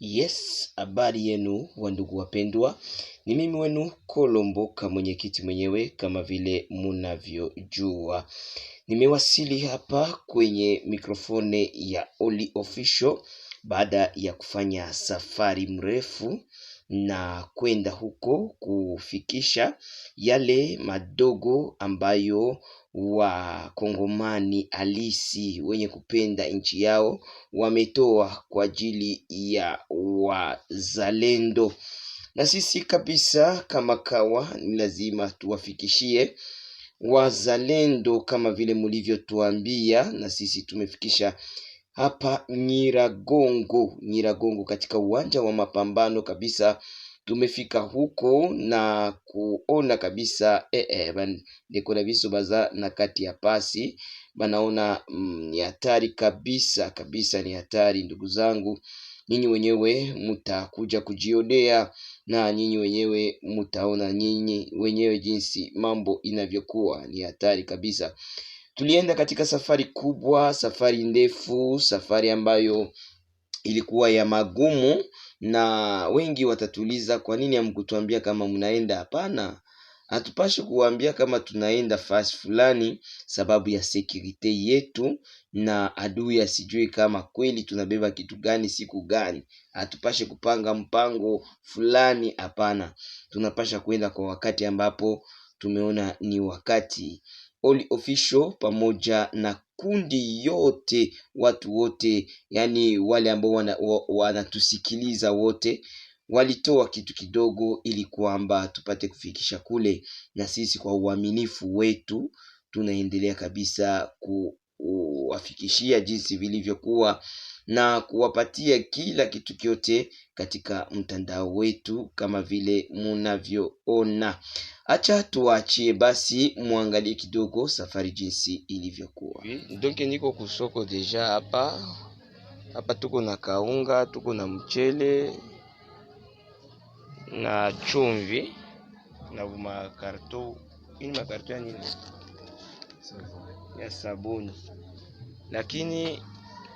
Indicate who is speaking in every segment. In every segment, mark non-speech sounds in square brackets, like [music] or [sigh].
Speaker 1: Yes, habari yenu wandugu wapendwa, ni mimi wenu Kolomboka, mwenyekiti mwenyewe. Kama vile munavyojua, nimewasili hapa kwenye mikrofone ya Holly Official baada ya kufanya safari mrefu na kwenda huko kufikisha yale madogo ambayo wakongomani halisi wenye kupenda nchi yao wametoa kwa ajili ya wazalendo. Na sisi kabisa kama kawa ni lazima tuwafikishie wazalendo kama vile mlivyotuambia, na sisi tumefikisha hapa Nyiragongo, Nyiragongo katika uwanja wa mapambano kabisa. Tumefika huko na kuona kabisa eh, eh, niko na viso baza na kati ya pasi banaona mm, ni hatari kabisa kabisa, ni hatari ndugu zangu. Nyinyi wenyewe mutakuja kujionea na nyinyi wenyewe mutaona nyinyi wenyewe jinsi mambo inavyokuwa, ni hatari kabisa. Tulienda katika safari kubwa, safari ndefu, safari ambayo ilikuwa ya magumu, na wengi watatuliza kwa nini hamkutuambia kama mnaenda? Hapana, hatupashi kuambia kama tunaenda fasi fulani sababu ya sekurite yetu, na adui asijue kama kweli tunabeba kitu gani siku gani. Hatupashe kupanga mpango fulani, hapana. Tunapasha kwenda kwa wakati ambapo tumeona ni wakati all official pamoja na kundi yote, watu wote, yani wale ambao wanatusikiliza wana wote walitoa kitu kidogo, ili kwamba tupate kufikisha kule, na sisi kwa uaminifu wetu tunaendelea kabisa ku kuwafikishia jinsi vilivyokuwa na kuwapatia kila kitu kyote katika mtandao wetu kama vile munavyoona. Acha tuachie basi, muangalie kidogo safari jinsi ilivyokuwa.
Speaker 2: Donc niko kusoko deja hapa hapa, tuko na kaunga, tuko na mchele na chumvi na makarto. Ini makarto ya nini? ya sabuni, lakini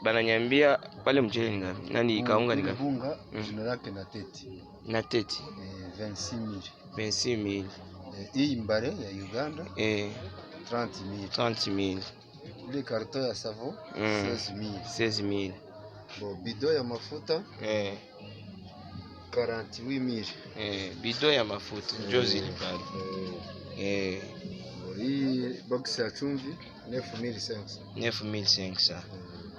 Speaker 2: bananiambia pale mchele ni Nani ikaunga ni ngapi?
Speaker 3: Mm. Jina lake na teti na teti e, 26000
Speaker 2: 26000.
Speaker 3: Hii mbare ya Uganda eh 30000
Speaker 2: 30000.
Speaker 3: Ile karton ya savo mm. 16000 16000. Bo bido ya mafuta eh 48000
Speaker 2: eh bido ya mafuta njozi ni pale eh, eh.
Speaker 3: Hii box ya chumvi ni elfu
Speaker 2: mbili Ni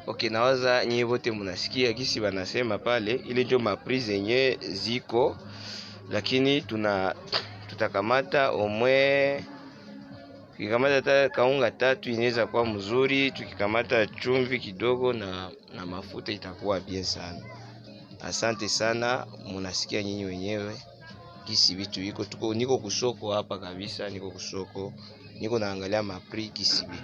Speaker 2: Okay, nawaza nyie wote mnasikia gisi wanasema pale, ile ndio mapri zenye ziko, lakini tuna tutakamata omwe tukikamata ta, kaunga tatu inaweza kuwa mzuri, tukikamata chumvi kidogo na, na mafuta itakuwa bien sana. Asante sana, munasikia nyinyi wenyewe kisi vitu iko tuko, niko kusoko hapa kabisa, niko kusoko niko naangalia ma kisibi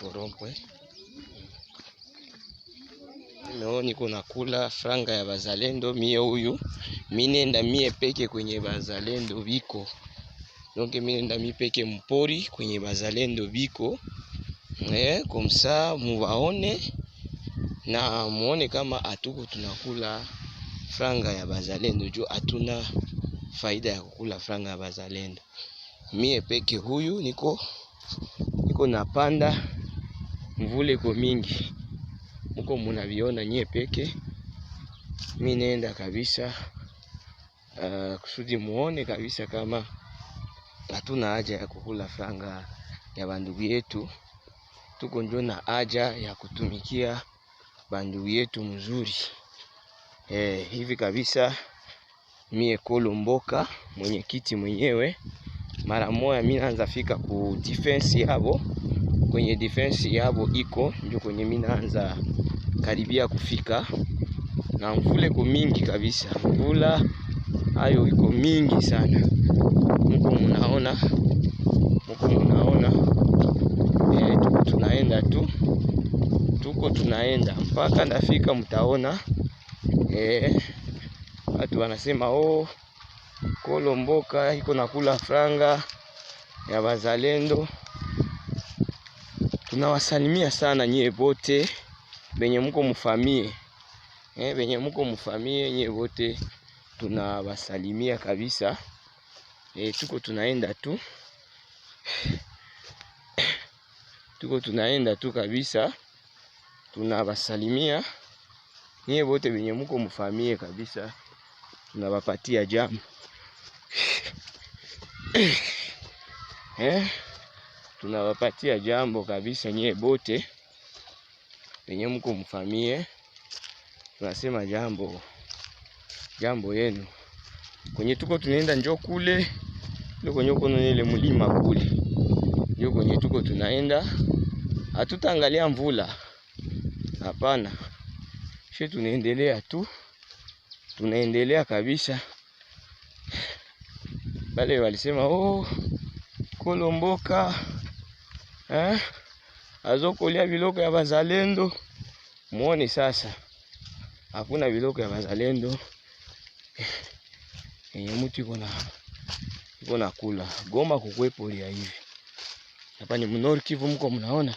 Speaker 2: Korogwe eh? meoni kuna kula franga ya bazalendo. Mie huyu minenda mie peke kwenye bazalendo biko donc mimi nenda mipeke mpori kwenye bazalendo biko eh, komsa muwaone na muone kama atuko tunakula franga ya bazalendo juu atuna faida ya kukula franga ya bazalendo. Mie peke huyu niko niko napanda mvule iko mingi, muko munaviona nyie peke. Mi nenda kabisa uh, kusudi muone kabisa kama hatuna haja ya kukula franga ya bandugu yetu, tuko njo na haja ya kutumikia bandugu yetu mzuri. Eh, hivi kabisa mie Kolo Mboka mwenyekiti mwenyewe, mara moya mimi naanza fika ku defense yabo, kwenye defense yabo iko njo kwenye mimi naanza karibia kufika na mvule iko mingi kabisa, mvula hayo iko mingi sana mnaona huku eh, mnaona e, tuko tunaenda tu, tuko tunaenda mpaka nafika, mtaona e, watu wanasema oh, Kolomboka iko nakula franga ya wazalendo. Tunawasalimia sana nyie bote benye muko mufamie e, eh, benye muko mufamie nyie bote tunawasalimia kabisa. E, tuko tunaenda tu tuko tunaenda tu kabisa, tunawasalimia nie bote benye muko mufamie kabisa, tunawapatia jamu eh, tunawapatia jambo kabisa nye bote benye muko mufamie, tunasema jambo jambo yenu. Kwenye tuko tunaenda njo kule ndio kwenye uko na ile mlima kule, ndio kwenye tuko tunaenda. Hatutaangalia mvula, hapana. Sisi tunaendelea tu, tunaendelea kabisa. Bale walisema oh, Kolomboka eh, azokolia biloko ya bazalendo. Muone sasa, hakuna biloko ya bazalendo yenye mti iko na iko na kula Goma kukwepo ya hivi hapa ni mnori Kivu, mko mnaona,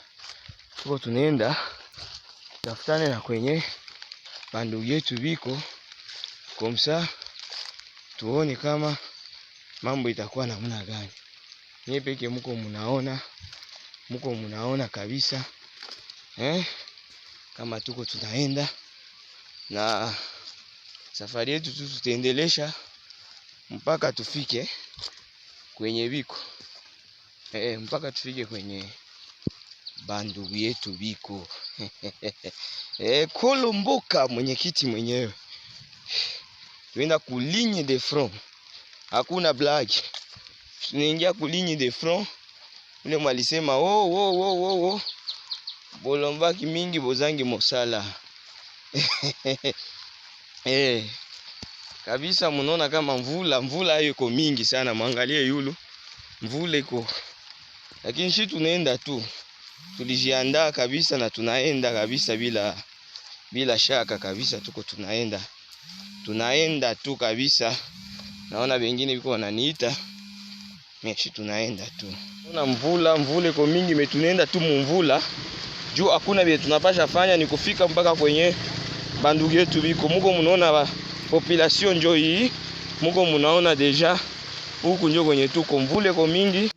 Speaker 2: tuko tunaenda tafutane na kwenye bandu yetu biko komsa, tuone kama mambo itakuwa namna gani. Nye peke mko mnaona, mko mnaona kabisa eh, kama tuko tunaenda na safari yetu tu tutaendelesha mpaka tufike kwenye Biko e, eh, eh, mpaka tufike kwenye bandugu yetu Biko [laughs] e, eh, kulumbuka mwenyekiti mwenyewe tuenda kuligne de front, hakuna blagi, tunaingia kuligne de front ule mwalisema oh, oh, oh, oh. Bolombaki mingi bozangi mosala [laughs] eh kabisa. Munaona kama mvula mvula hiyo iko mingi sana, mwangalie yulu mvula iko, lakini shi tunaenda tu, tulijiandaa kabisa na tunaenda kabisa bila bila shaka kabisa, tuko tunaenda tunaenda tu kabisa. Naona wengine biko wananiita mechi, tunaenda tu. Naona mvula mvula iko mingi, metunaenda tu mumvula juu hakuna vile tunapasha fanya, ni kufika mpaka kwenye bandugu yetu biko muko, munaona population njo hii, muko munaona deja, huku njo kwenye tuko, mvule ko mingi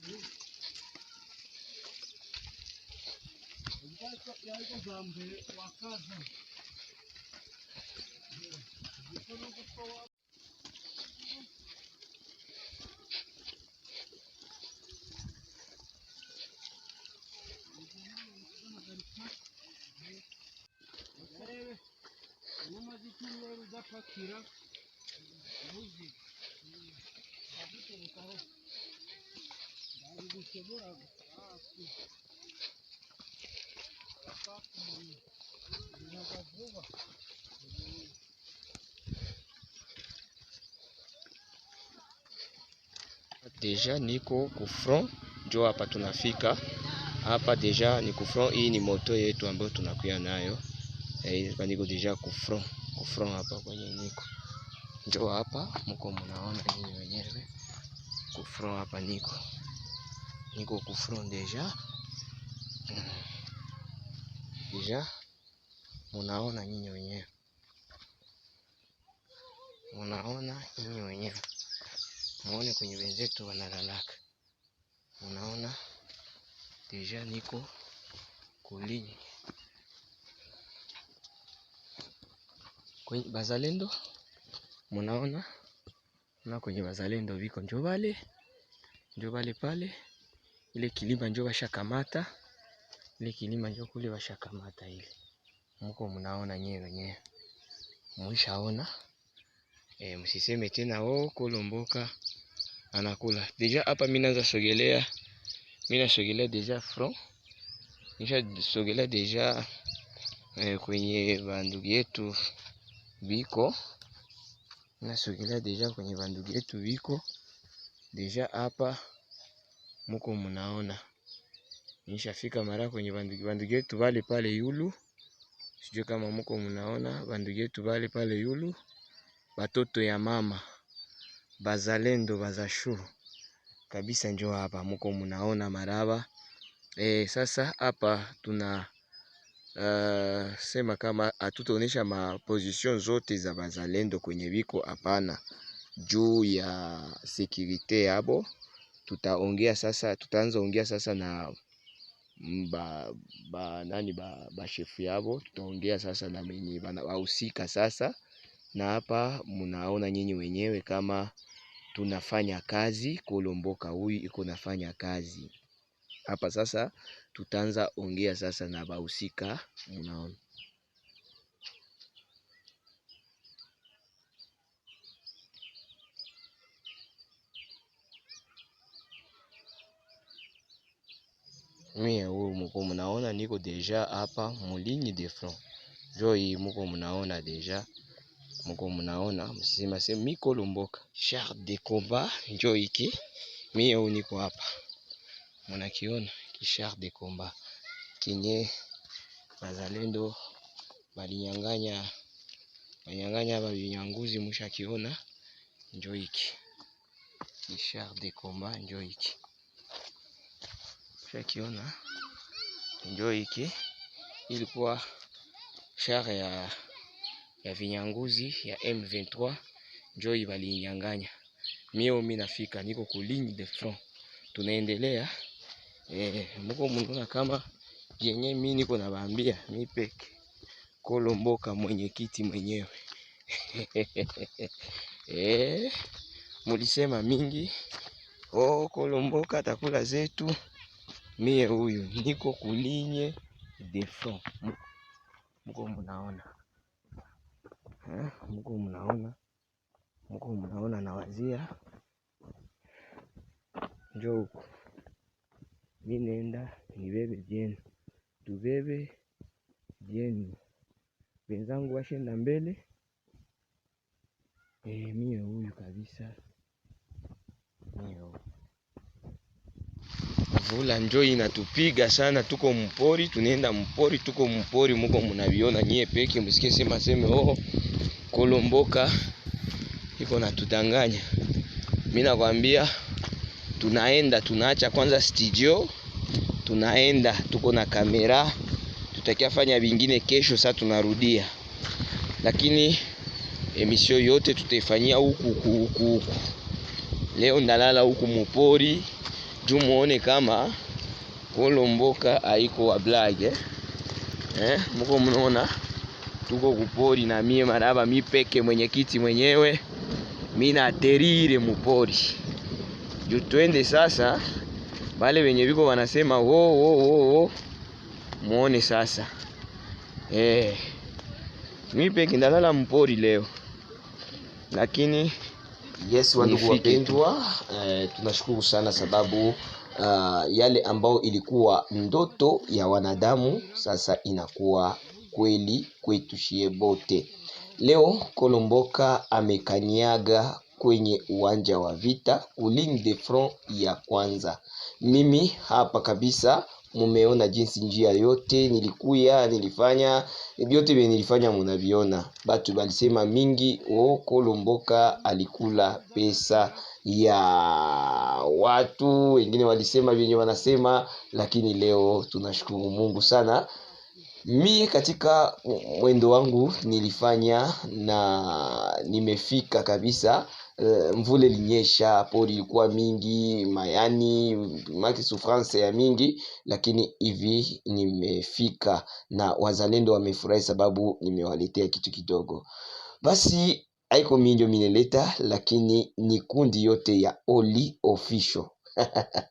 Speaker 2: Deja niko kufront, njo hapa tunafika hapa deja ni kufront. Hii ni moto yetu ambayo tunakuya nayo eh, niko deja kufront, kufront hapa kwenye niko njo hapa mko mnaona nyinyi wenyewe kufront hapa niko niko ku front deja hmm. deja, munaona nyinyi wenyewe, munaona nyinyi wenyewe, muone kwenye wenzetu wanalalaka, munaona deja niko kulini kwenye bazalendo, munaona na kwenye bazalendo viko njovale njovale pale ile kilima njo bashakamata ile kilima njo kule bashakamata ile, mko mnaona nyewe wenyewe mwishaona. E, msiseme tena oh, kulomboka anakula deja hapa. Mimi naanza sogelea, mimi nasogelea deja front, nisha sogelea deja e, kwenye bandugu yetu biko, nasogelea deja kwenye bandugu yetu biko deja hapa muko munaona. Nishafika mara kwenye bandu yetu bale pale yulu, sijue kama muko munaona bandu yetu bale pale yulu, batoto ya mama bazalendo bazashu kabisa, njo hapa muko munaona maraba e. Sasa hapa tuna uh, sema kama hatutaonesha maposition zote za bazalendo kwenye biko, hapana, juu ya sekirite yabo tutaongea sasa, tutaanza ongea sasa na mm, ba, ba nani ba, ba shefu yabo, tutaongea sasa na mwenye wahusika sasa, na hapa munaona nyinyi wenyewe kama tunafanya kazi kolomboka huyu iko nafanya kazi hapa sasa, tutaanza ongea sasa na bahusika, mnaona mie huu muko munaona niko deja hapa muligne de front jo iyi muko mnaona deja muko mnaona msima se miko lomboka char de combat njo iki mie huu niko hapa munakiona kishar de combat kinye bazalendo balinyanganya balinyanganya babinyanguzi mushakiona njo iki kishar de combat njo iki akiona njoo hiki ilikuwa share ya, ya vinyanguzi ya M23 njoi balinyang'anya. Mio mimi nafika niko ku ligne de front, tunaendelea eh, mko mnaona kama yenye mimi niko nawaambia, mimi peke kolomboka mwenyekiti mwenyewe [laughs] eh, mulisema mingi oh, kolomboka takula zetu mie huyu niko kulinye defo, eh, mko mnaona mko mnaona, mko mnaona, nawazia njo huku mi nenda nibebe jeni, tubebe jeni, wenzangu washenda mbele. E, mie huyu kabisa. mvula njo inatupiga sana, tuko mpori, tunaenda mpori, tuko mpori, muko munaviona nyie peke, msikie sema seme oh, kolomboka iko natudanganya. Mimi nakwambia tunaenda, tunaacha kwanza studio, tunaenda, tuko na kamera, tutakia fanya vingine kesho, Sasa tunarudia, lakini emisio yote tutaifanyia huku huku huku. Leo ndalala huku mpori muone kama Kolomboka aiko wa blage eh, mko mnaona tuko kupori na mie maraba mi peke mwenye kiti mwenyewe minaterire mupori juu twende sasa, bale wenye biko wanasema wo wo wo wo, muone sasa eh, mi peke ndalala mupori leo lakini
Speaker 1: Yes, wandugu wapendwa, eh, tunashukuru sana sababu uh, yale ambayo ilikuwa ndoto ya wanadamu sasa inakuwa kweli kwetu shie bote. Leo Kolomboka amekaniaga kwenye uwanja wa vita ku ligne de front ya kwanza. Mimi hapa kabisa mumeona jinsi njia yote nilikuya nilifanya vyote vyenye nilifanya munaviona. Batu balisema mingi o Kolomboka alikula pesa ya watu, wengine walisema vyenye wanasema, lakini leo tunashukuru Mungu sana. Mi katika mwendo wangu nilifanya na nimefika kabisa. Eh, mvule linyesha pori ilikuwa mingi, mayani maki sufranse ya mingi, lakini hivi nimefika na wazalendo wamefurahi sababu nimewaletea kitu kidogo. Basi haiko mingi mineleta, lakini ni kundi yote ya Oli Official [laughs]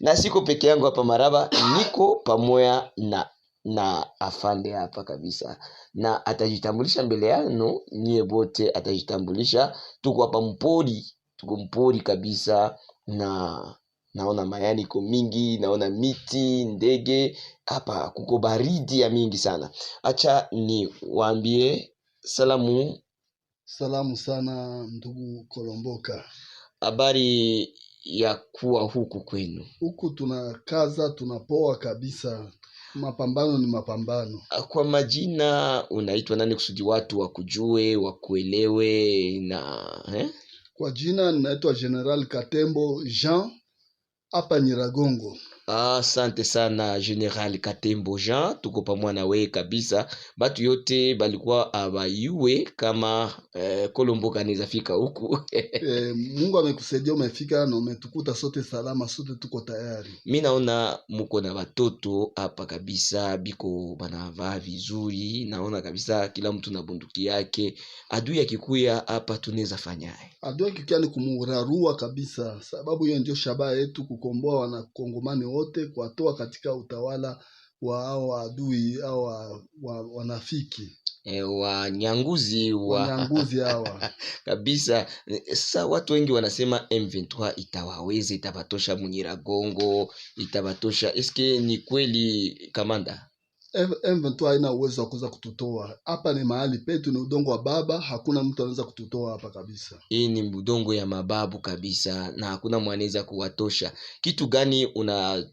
Speaker 1: na siko peke yangu hapa Maraba, niko pamoja na na afande hapa kabisa, na atajitambulisha mbele yanu nyie bote, atajitambulisha. Tuko hapa mpori, tuko mpori kabisa, na naona mayani iko mingi, naona miti, ndege hapa, kuko baridi ya mingi sana. Acha ni waambie salamu.
Speaker 3: Salamu sana ndugu Kolomboka,
Speaker 1: habari ya kuwa huku kwenu?
Speaker 3: Huku tunakaza tunapoa kabisa Mapambano ni mapambano.
Speaker 1: Ah, kwa majina unaitwa nani kusudi watu wakujue wakuelewe na eh?
Speaker 3: Kwa jina ninaitwa General Katembo Jean hapa Nyiragongo.
Speaker 1: Asante sana General Katembo Jean, tuko pamoja na wewe kabisa. Batu yote balikuwa abayue kama eh, Kolombo kanaweza fika huku [laughs]
Speaker 3: eh, Mungu amekusaidia umefika na umetukuta sote salama, sote tuko tayari.
Speaker 1: Mi naona muko na batoto hapa kabisa, biko banavaa vizuri, naona kabisa kila mtu na bunduki yake. Adui akikuya hapa tunaweza fanyaye?
Speaker 3: Adui akikuya ni kumurarua kabisa, sababu hiyo ndio shabaha yetu, kukomboa wanakongomani wote kuwatoa katika utawala wa hao adui au wa, wanafiki
Speaker 1: e, wanyanguzi wa...
Speaker 3: wanyanguzi hawa [laughs]
Speaker 1: kabisa. Sasa watu wengi wanasema M23 itawaweza, itabatosha Munyiragongo, itabatosha. Eske ni kweli kamanda?
Speaker 3: M23 haina uwezo wa kuweza kututoa hapa. Ni mahali petu, ni udongo wa baba, hakuna mtu anaweza kututoa hapa kabisa.
Speaker 1: Hii ni udongo ya mababu kabisa, na hakuna mwanaweza kuwatosha. Kitu gani una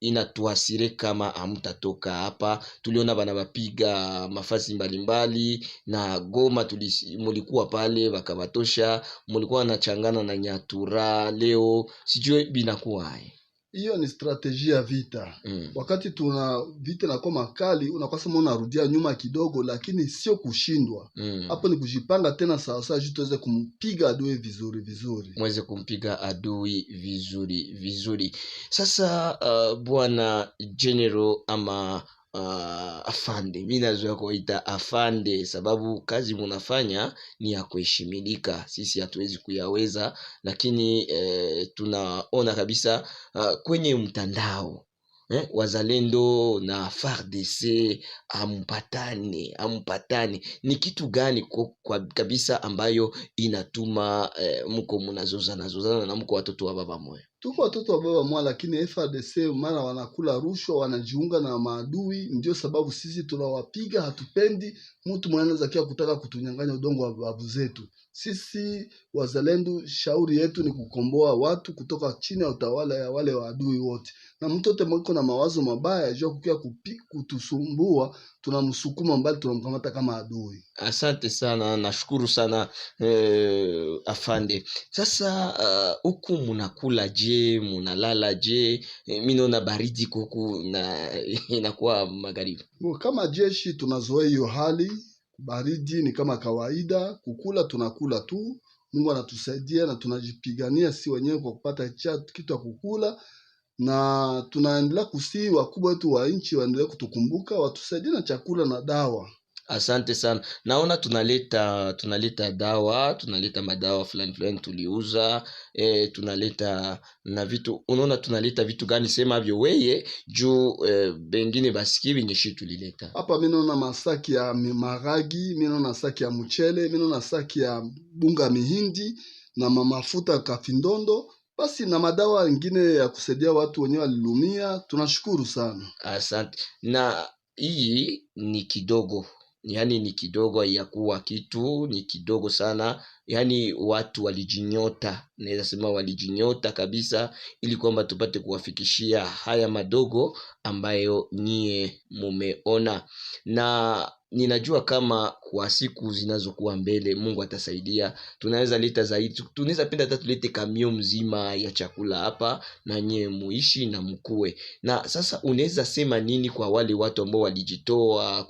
Speaker 1: inatuasire kama hamtatoka hapa. Tuliona bana wapiga mafasi mbalimbali na Goma, mulikuwa pale bakabatosha, mulikuwa nachangana na Nyatura leo sijue binakuwa hai
Speaker 3: hiyo ni strategia ya vita mm. Wakati tuna vita inakuwa makali, unakwasema unarudia nyuma kidogo, lakini sio kushindwa mm. hapo mm. Ni kujipanga tena sawasawa, juu tuweze kumpiga adui vizuri vizuri,
Speaker 1: mweze kumpiga adui vizuri vizuri. Sasa uh, bwana general ama uh, afande. Mi nazoea kuwaita afande, sababu kazi munafanya ni ya kuheshimilika. Sisi hatuwezi kuyaweza, lakini eh, tunaona kabisa uh, kwenye mtandao eh, wazalendo na FARDC ampatane, ampatane. Ni kitu gani kwa, kwa kabisa ambayo inatuma eh, mko mnazozana nazozana na mko watoto wa baba moya?
Speaker 3: Tuko watoto wa baba moya, lakini FARDC mara wanakula rushwa, wanajiunga na maadui. Ndio sababu sisi tunawapiga, hatupendi mtu mwenye kia kutaka kutunyang'anya udongo wa babu zetu. Sisi wazalendo, shauri yetu ni kukomboa watu kutoka chini ya utawala ya wale waadui wote, na mtote mwiko na mawazo mabaya jua kukia kutusumbua, tunamsukuma mbali, tunamkamata kama adui.
Speaker 1: Asante sana, nashukuru sana eh, afande. Sasa uh, huku uh, munakula je, munalala je? Eh, mi naona baridi kuku na [laughs] inakuwa magharibi
Speaker 3: kama jeshi, tunazoea hiyo hali baridi ni kama kawaida, kukula tunakula tu. Mungu anatusaidia na tunajipigania si wenyewe kwa kupata cha kitu ya kukula, na tunaendelea kusii wakubwa wetu wa nchi waendelee kutukumbuka, watusaidie na chakula na dawa.
Speaker 1: Asante sana. Naona tunaleta tunaleta dawa, tunaleta madawa fulani fulani tuliuza, e, tunaleta na vitu. Unaona tunaleta vitu gani sema hivyo weye juu e, eh, bengine basiki binye shi tulileta.
Speaker 3: Hapa mimi naona masaki ya maragi, mimi naona saki ya mchele, mimi naona saki ya bunga mihindi na mafuta kafindondo basi na madawa mengine ya kusaidia watu wenyewe walilumia. Tunashukuru sana,
Speaker 1: asante. Na hii ni kidogo yani ni kidogo ya kuwa kitu, ni kidogo sana yani watu walijinyota, naweza sema walijinyota kabisa, ili kwamba tupate kuwafikishia haya madogo ambayo nyie mumeona, na ninajua kama kwa siku zinazokuwa mbele Mungu atasaidia, tunaweza leta zaidi, tunaweza penda hata tulete kamio mzima ya chakula hapa, na nyie muishi na mkue. Na sasa unaweza sema nini kwa wale watu ambao walijitoa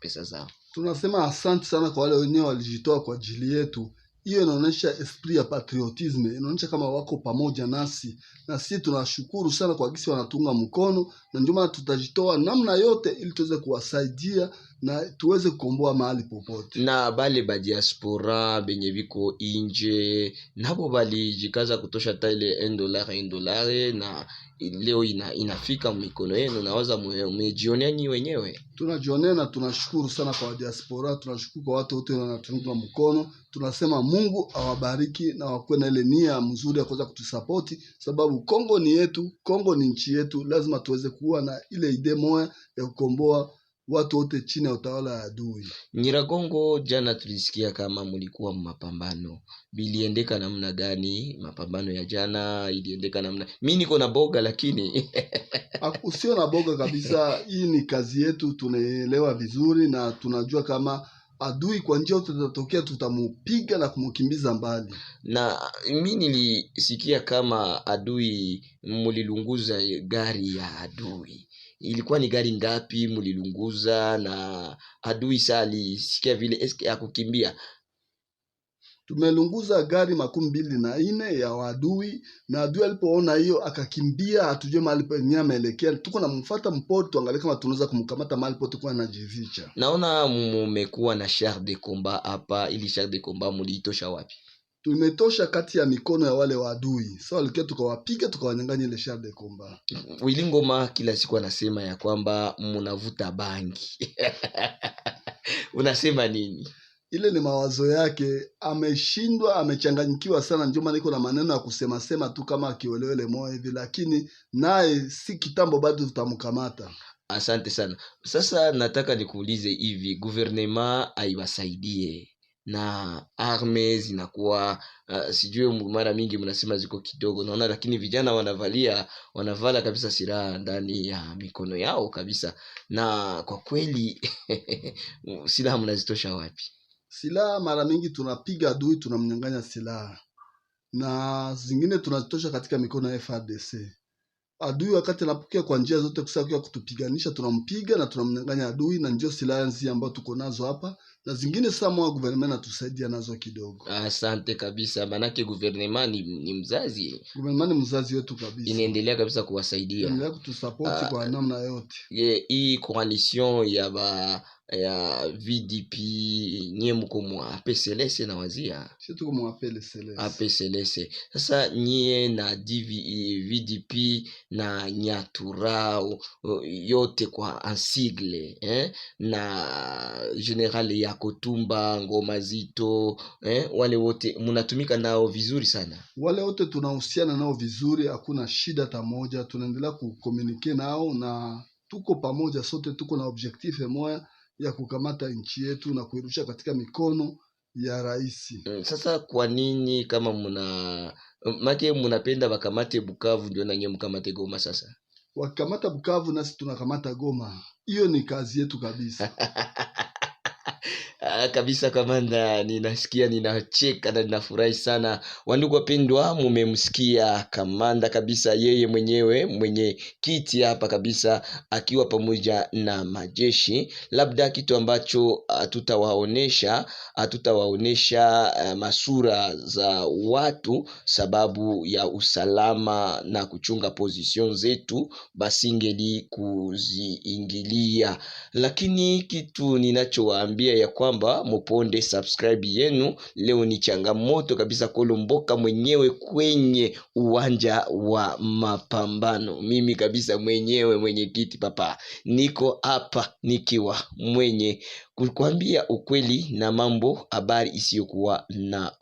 Speaker 1: pesa zao?
Speaker 3: Tunasema asante sana kwa wale wenyewe walijitoa kwa ajili yetu. Hiyo inaonyesha esprit ya patriotisme, inaonyesha kama wako pamoja nasi, na sisi tunashukuru sana kwa gisi wanatunga mkono, na ndio maana tutajitoa namna yote ili tuweze kuwasaidia na tuweze kukomboa mahali popote
Speaker 1: na bale badiaspora benye biko inje nabo balijikaza kutosha ta ile endolare endolare na leo ina, inafika mikono yenu nawaza mmejionea nyi wenyewe
Speaker 3: tunajionea na tunashukuru sana kwa diaspora tunashukuru kwa watu wote wanatunga mkono tunasema mungu awabariki na wakuwe na ile nia mzuri ya kuweza kutusapoti sababu kongo ni yetu kongo ni nchi yetu lazima tuweze kuwa na ile idee moya ya kukomboa watu wote chini ya utawala ya adui.
Speaker 1: Nyiragongo, jana tulisikia kama mlikuwa mapambano, biliendeka namna gani? Mapambano ya jana iliendeka namna, mi niko na boga lakini
Speaker 3: [laughs] usio na boga kabisa. Hii ni kazi yetu, tunaelewa vizuri na tunajua kama adui kwa njia tutatokea tutamupiga na kumukimbiza mbali.
Speaker 1: Na mi nilisikia kama adui mulilunguza gari ya adui, ilikuwa ni gari ngapi mulilunguza? Na adui sali sikia vile eske akukimbia
Speaker 3: tumelunguza gari makumi mbili na nne ya wadui, na adui alipoona hiyo akakimbia, hatujue mahali penyewe ameelekea. Tuko namfuata mpoto, tuangalie kama tunaweza kumkamata mahali pote kwa anajificha.
Speaker 1: Naona mumekuwa na char de combat hapa, ili char de combat mliitosha wapi?
Speaker 3: Tumetosha kati ya mikono ya wale wadui, so walikia tukawapiga, tukawanyanganya ile char de combat.
Speaker 1: Wilingoma kila siku anasema ya kwamba munavuta bangi [laughs] unasema nini?
Speaker 3: ile ni mawazo yake, ameshindwa, amechanganyikiwa sana, ndio maana iko na maneno ya kusema sema tu kama akiwelewele moyo hivi, lakini naye si kitambo bado tutamkamata.
Speaker 1: Asante sana. Sasa nataka nikuulize hivi, guvernema aiwasaidie na arme zinakuwa uh, sijui mara mingi mnasema ziko kidogo naona, lakini vijana wanavalia wanavala kabisa silaha ndani ya mikono yao kabisa, na kwa kweli [laughs] silaha mnazitosha wapi?
Speaker 3: Silaha mara mingi tunapiga adui, tunamnyang'anya silaha na zingine tunazitosha katika mikono ya FRDC. Adui wakati anapokia kwa njia zote kusaka kutupiganisha, tunampiga na tunamnyang'anya adui, na ndio silaha nzi ambayo tuko nazo hapa na zingine sama guvernema natusaidia nazo kidogo.
Speaker 1: Asante kabisa, manake guvernema ni, ni mzazi,
Speaker 3: guvernema ni mzazi wetu kabisa,
Speaker 1: inaendelea kabisa kuwasaidia,
Speaker 3: inaendelea kutusapoti kwa ah, namna yote.
Speaker 1: Ye, hii coalition ya ba ya VDP nye muko mwa APCLS na wazia si
Speaker 3: tuko mwa APCLS.
Speaker 1: APCLS sasa nyie na DV, e, VDP na Nyatura yote kwa ansigle eh? na general ya kutumba ngoma zito eh, wale wote mnatumika nao vizuri sana?
Speaker 3: Wale wote tunahusiana nao vizuri, hakuna shida hata moja. Tunaendelea kukomunike nao na tuko pamoja sote, tuko na objectif moya ya kukamata nchi yetu na kuirusha katika mikono ya rais.
Speaker 1: Mm, sasa kwa nini kama mna make munapenda wakamate Bukavu ndio nanye mkamate Goma? Sasa
Speaker 3: wakamata Bukavu nasi tunakamata Goma, hiyo ni kazi yetu kabisa [laughs]
Speaker 1: Ah, kabisa kamanda, ninasikia ninacheka na ninafurahi sana. Wandugu wapendwa, mumemsikia kamanda kabisa, yeye mwenyewe mwenye kiti hapa kabisa, akiwa pamoja na majeshi. Labda kitu ambacho hatutawaonesha ah, hatutawaonesha ah, eh, masura za watu sababu ya usalama na kuchunga position zetu, basingeli kuziingilia, lakini kitu ninachowaambia pia ya kwamba muponde subscribe yenu. Leo ni changamoto kabisa kulomboka mwenyewe kwenye uwanja wa mapambano, mimi kabisa mwenyewe mwenyekiti papa, niko hapa nikiwa mwenye kukwambia ukweli na mambo habari isiyokuwa na